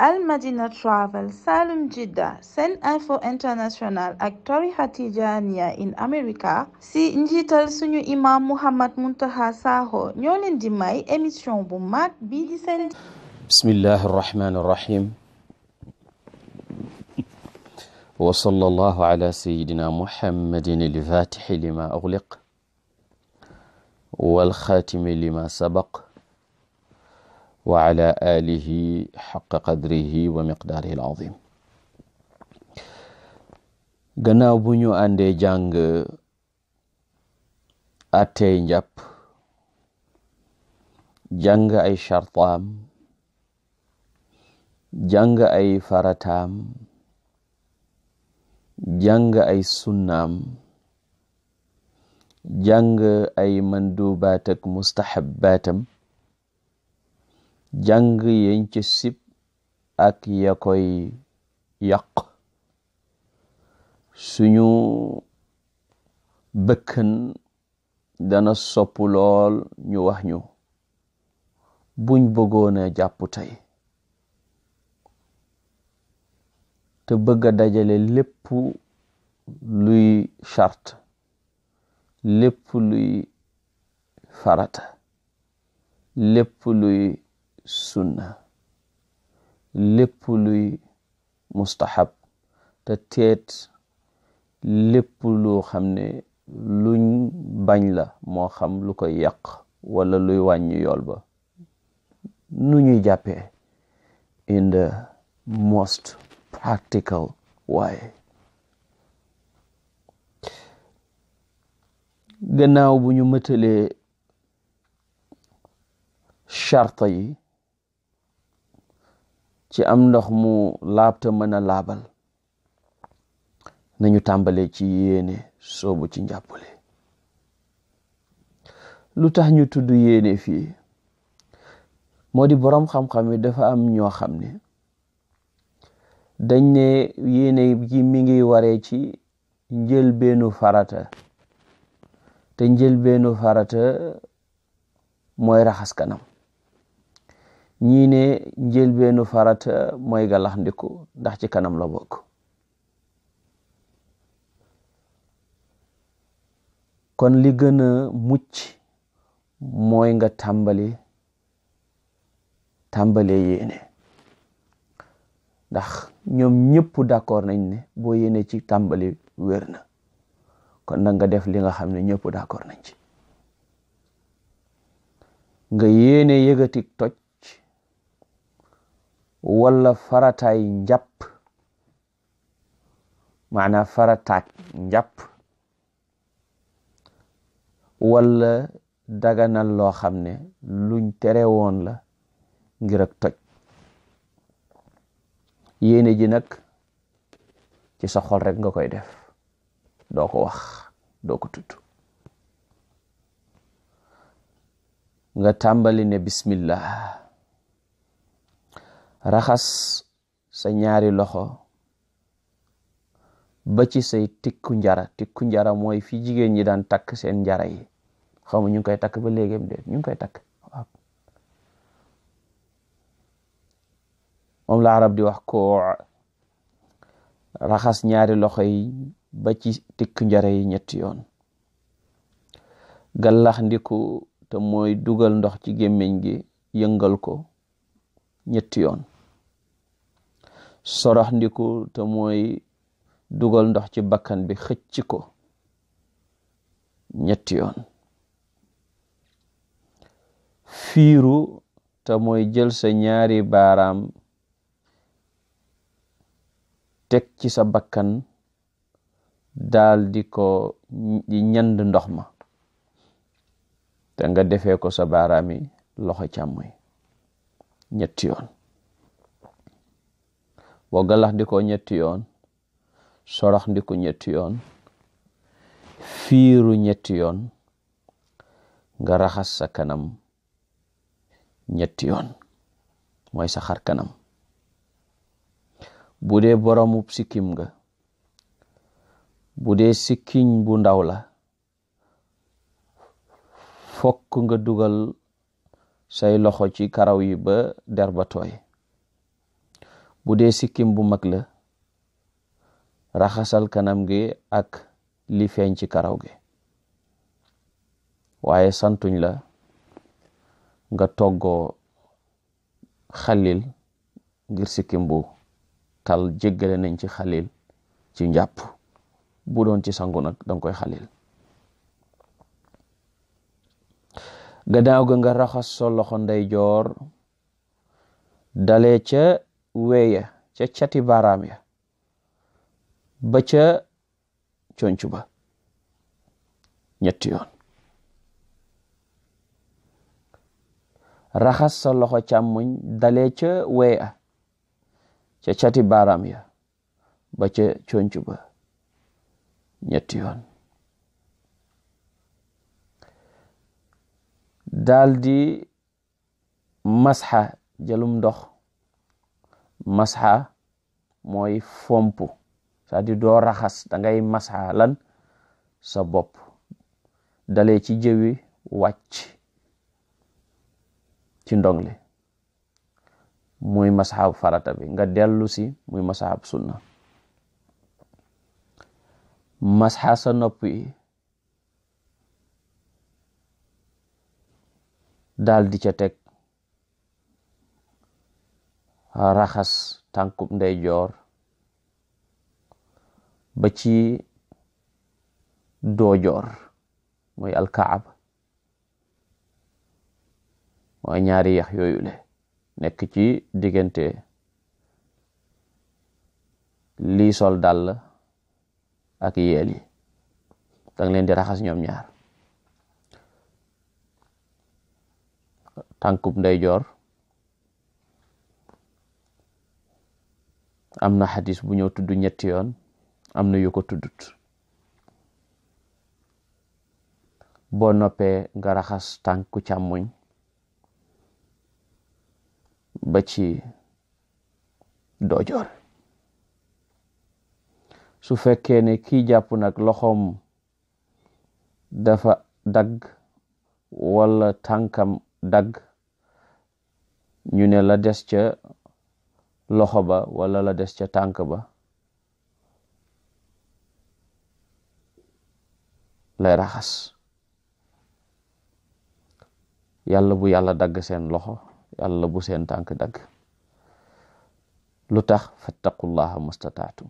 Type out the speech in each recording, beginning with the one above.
Al Madina Travel Salum Jidda SeneInfo International ak tarixa Tijaaniya in America si njiital suñu imam Muhammad Muntaqa Sakho ñoo leen di may émission bu mag bii di seen bismillahi arrahmani arrahim wa sallallahu ala sayidina muhammadin alfatixi lima ugliq walxaatimi lima sabaq wa ala alihi xaqa wa miqdaarihi al-azim gannaaw bu ñu àndee jàng atey njàpp jàng ay chartaam jàng ay farataam jàng ay sunnaam jàng ay mandubaatak mustahabbaatam jàng yeñ ci sib ak ya koy yàq suñu bëkkan dana sopp lool ñu wax ñu buñ bëggoona jàpp tey te bëgg dajale lépp luy chart lépp luy farata lépp luy sunna lépp luy mustahab te teet lépp loo xam ne luñ bañ la moo xam lu koy yàq walla luy wàññi yool ba nu ñuy jàppee in the most practical way gannaaw bu ñu mëtalee charte yi ci am ndox mu laab te mën a laabal nañu tàmbalee ci yéene soobu ci njàppale lu tax ñu tudd yéene fii moo di boroom xam-xam dafa am ñoo xam ne dañ ne yéene ji mi ngi waree ci njëlbeenu farata te njëlbeenu farata mooy raxas ñii ne njëlbeenu farata eh, mooy galax ndiku ndax ci kanam la bokk kon li gën a mucc mooy nga tàmbali tàmbale yéene ndax ñoom ñëpp d'accord nañ ne boo yéene ci tàmbali wér na kon nag nga def li nga xam ne ñëpp d'accord nañ ci nga yéene yëgatik toj wala farataay njàpp maana farataak njàpp wala daganal loo xam ne luñ tere woon la ngirak ak toj yéene ji nag ci sa xol rek nga koy def doo ko wax doo nga tàmbali ne bismillah raxas sa ñaari loxo ba ci say tikku njara tikku njara mooy fi jigéen ñi daan takk seen njara yi xaw ma ñu koy takk ba léegi de ñu ngi koy takk waaw moom la arab di wax ko ñaari loxo yi ba ci tikku njara yi ñetti yoon gallax ndiku te mooy dugal ndox ci gémmiñ gi yëngal ko ñetti yoon sorax ndiku te mooy dugal ndox ci bakkan bi xëcc ko ñetti yoon fiiru te mooy jël sa ñaari baaraam teg ci sa bakkan daal di ko di ñand ndox ma te nga defee ko sa baaraami loxo càmmoñ ñetti yoon boo galax ñetti yoon sorax ndiku ñetti yoon fiiru ñetti yoon nga raxas sa kanam ñetti yoon mooy sa xar kanam bu dee boromub sikkim nga bu dee sikkiñ bu ndaw la fokk nga dugal say loxo ci karaw yi ba der ba bu dee sikkim bu mag la raxasal kanam gi ak li feeñ ci karaw gi waaye santuñ la nga toggoo xalil ngir sikkim bu tal jéggale nañ ci xalil ci njàpp bu doon ci sangu nag danga koy xalil gannaaw ga nga raxas sa loxo ndeyjoor dale ca weya ca cati baaraam ya ba ca conc ba ñetti yoon raxas sa loxo càmmoñ dalee ca weya ca cati baaraam ya ba ca conc ba ñetti yoon daal di masxa jëlum ndox masxa mooy fomp cest à doo raxas da ngay masxa lan sa bopp dalee ci jëwi wàcc ci ndong li muy masxaab farata bi nga dellusi mooy muy masxaab sunna masxa sa nopp yi daal di ca teg raxas tànkub ndeyjoor ba ci doojoor mooy alkaab mooy ñaari yax yooyu le nekk ci diggante lii sol ak yeel yi leen di raxas ñoom ñaar tànkub ndeyjoor am na xadis bu ñëw tudd ñetti yoon am na yu ko tuddut boo noppee nga raxas tànku càmmoñ ba ci doojoor su fekkee ne kii jàpp nag loxoom dafa dagg walla tànkam dagg ñu ne la des ca loxo ba wala la des ca tànk ba lay raxas yàlla bu yàlla dagg seen loxo yàlla bu seen tànk dagg lu tax fattaqullaha mustataatum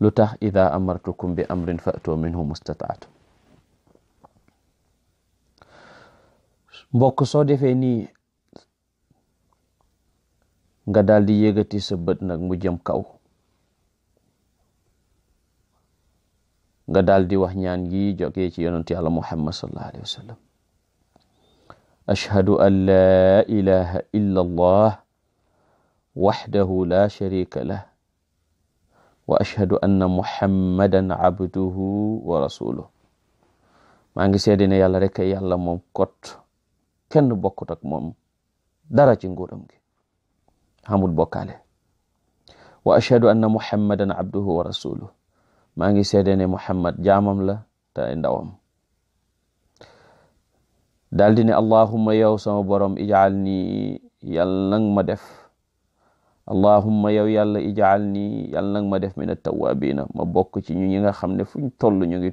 lu tax ida amartukum bi amrin fatoo minhu mustataatum mbokk soo defee nga daal di yëgati sa bët nag mu jëm kaw nga daal di wax ñaan gi jógee ci yonent yàlla muhammad sallallahu alayhi wa sallam ashhadu an laa ilaha illa allah la sharika lah wa ashhadu anna muhammadan abduhu wa rasuluh maa ngi seede ne yàlla rek yàlla moom kot kenn bokkut ak moom dara ci nguuram gi amul bokkaale wa ashhadu anna muhammadan abduhu wa rasuluhu maa ngi seede ne muhammad jaamam la te ndawam daldi ne allahumma yow sama borom ijaal nii yal nang ma def allahumma yow yàlla ijaal nii yal nang ma def min attawaabiina ma bokk ci ñu ñi nga xam ne fuñ toll ñu ngi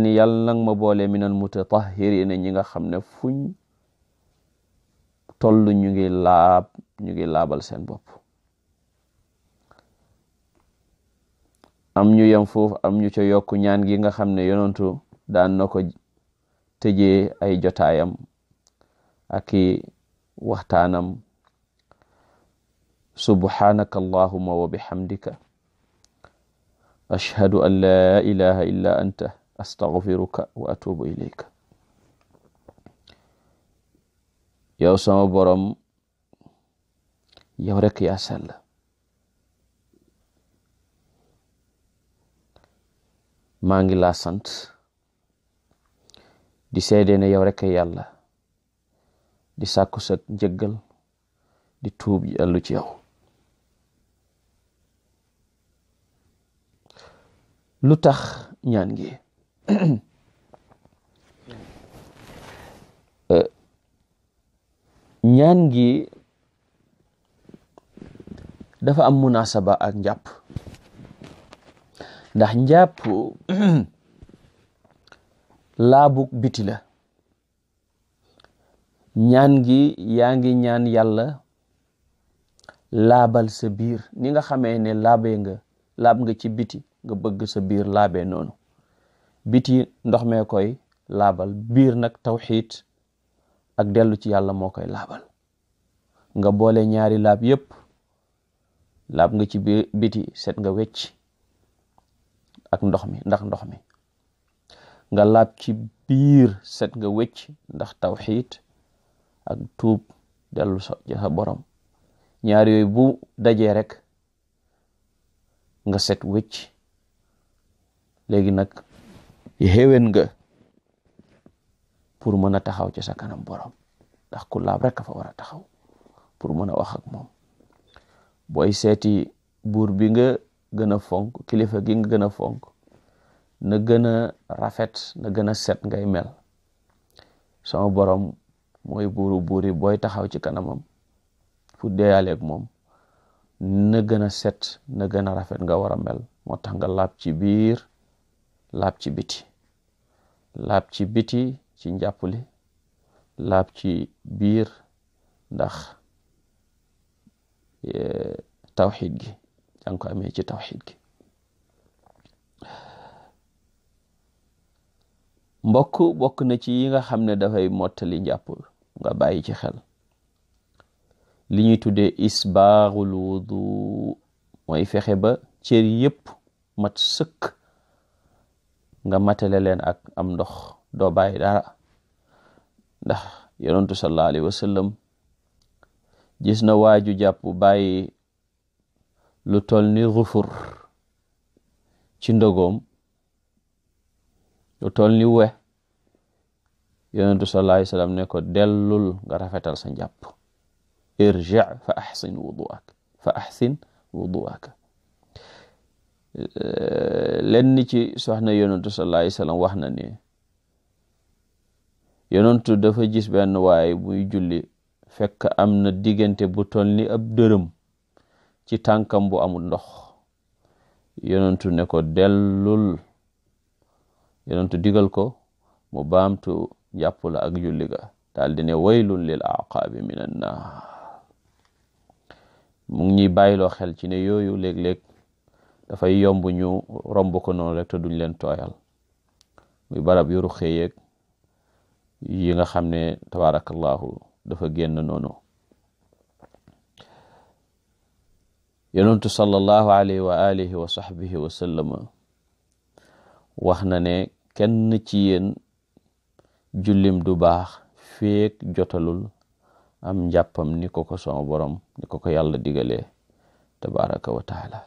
ni yal nang ma boole min almutatahirina ñi nga xam ne fuñ toll ñu ngi laab ñu ngi laabal seen bopp am ñu yem foofu am ñu ca yokk ñaan gi nga xam ne yonantu daan na ko tëjee ay jotaayam ak i waxtaanam subhanaka allahuma wa bihamdika ashhadu an la ilaha illa anta astaghfiruka wa atubu ilayka yow sama borom yow rek yaa sell maa ngi laa sant di seede ne yow rek yàlla di sàkku sa njëggal di tuub yàllu ci yow lu tax ñaan gi euh, ñaan gi dafa am munasaba ak njàpp ndax njàpp laabuk biti la ñaan gi yaa ngi ñaan yàlla laabal sa biir ni nga xamee ne laabe nga laab nga ci biti nga bëgg sa biir laabe noonu biti ndox mee koy laabal biir nag tawxiit ak dellu ci yàlla moo koy laabal nga boole ñaari laab yépp laab nga ci biti set nga wecc ak ndox mi ndax ndox mi nga laab ci biir set nga wecc ndax tawxiid ak tuub dellu sa sa borom ñaar yooyu bu dajee rek nga set wecc léegi nag yéwén nga pour mën a taxaw ci sa kanam borom ndax ku laab rek fa war a taxaw pour mën a wax ak moom booy seeti buur bi nga gën a fonk kilifa gi nga gën a fonk na gën a rafet na gën a set ngay mel sama borom mooy buuru buur yi booy taxaw ci kanamam fu deeyaaleeg moom na gën a set na gën a rafet nga war a mel moo nga laab biir laab biti laab biti ci njàppali laab ci biir ndax eh, tawxid gi yaa am ko amee ci tawxid gi mbokk bokk na ci yi nga xam ne dafay mottali njàpp nga bàyyi ci xel li ñuy tuddee isbaaxul wudu mooy fexe ba cër yépp mat sëkk nga matale leen ak am ndox do bàyyi dara ndax yonentu sallallahu alayhi wasallam gis na waaju jàpp bàyyi lu tol ni xufur ci ndogoom lu tol ni we yonentu sallallahu alayhi wasallam ne ko dellul nga rafetal sa njàpp irji fa axsin wuduak fa axsin wuduaka lenn ci soxna yonentu sallallahu alayhi wasallam wax na yonentu dafa gis benn waay buy julli fekk am na diggante bu toll ni ab dërëm ci tànkam bu amul ndox yonentu ne ko dellul yonentu digal ko mu baamtu jàpp la ak julli ga daal di ne woylu lil aqaabi min annaar mu ngi ñuy bàyyiloo xel ci ne yooyu léeg-léeg dafay yomb ñu romb ko noonu rek te duñ leen tooyal muy barab yoru xëyeeg yi nga xam ne tabarakallahu dafa génn noonu yonentu sallallahu alayhi wa alihi wa sahbihi wa sallama wax na ne kenn ci yéen jullim du baax feek jotalul am njàppam ni ko ko sama borom ni ko ko yàlla digalee tabaraka wa taala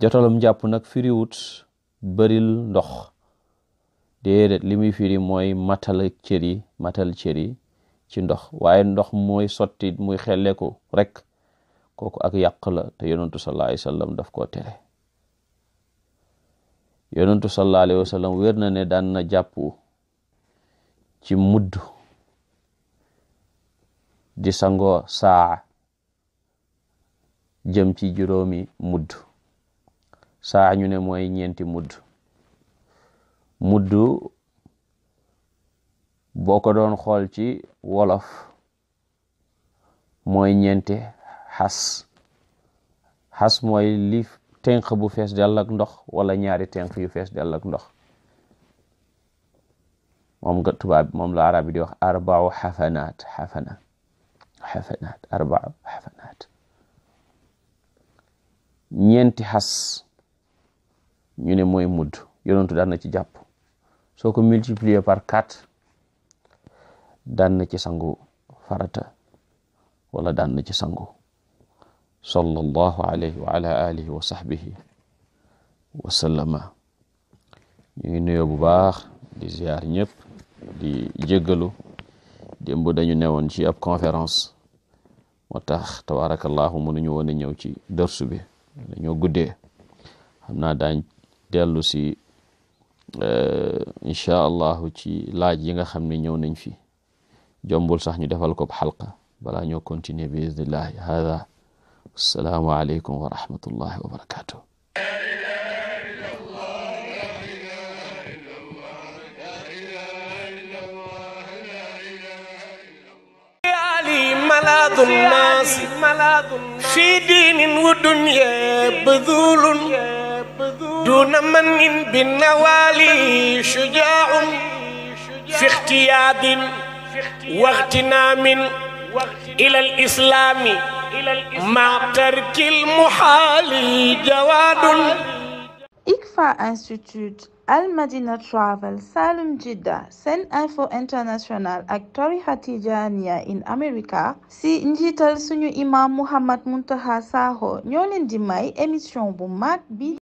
jotalum njàpp nag firiwut baril ndox déedéet li muy mooy matal cër yi matal cër yi ci ndox waaye ndox mooy sotti muy ko rek kooku ak yàq la te yonentu sallallahu alayhi wa sallam daf koo tere wér na ne daan na jàpp ci mudd di sangoo saa jëm ci juróomi mudd saa ñu ne mooy ñeenti mudd muddu boo ko doon xool ci wolof mooy ñeenti xas xas mooy li tenq bu fees dell ak ndox wala ñaari tenq yu fees dell ak ndox moom nga tubaab moom la arab bi di wax arbau xafanaat xafana xafanaat arbau xafanaat ñeenti xas ñu ne mooy mudd yonentu daan na ci jàpp soo ko multiplier par 4 daan na ci sangu farata wala daan na ci sangu sallallahu alayhi wa ala alihi wa sahbihi wa ñu ngi nuyoo bu baax di ziar ñëpp di jéggalu démb dañu newoon ci ab conférence moo tax tabarakallahu mënuñu woon a ñëw ci dërsu bi dañoo guddee xam naa daañ dellu si Euh, incha allahu ci laaj yi nga xam ne ñëw nañ fi jombul sax ñu defal ko xalqa balaa ñoo continuer bi idnillahi hada assalaamu aleykum wa rahmatullahi wa barakatuh ملاذ الناس في دين ودنيا بذول دون من بالنوالي شجاع في اغتياب واغتنام إلى الإسلام مع ترك المحال جواد ICFA Institute Al Madina Travel Salum Jidda Sen Info International ak tarixa Tijaaniya in America si njiital suñu imam Mouhamed Muntaha Sakho ñoo di may émission bu mag bi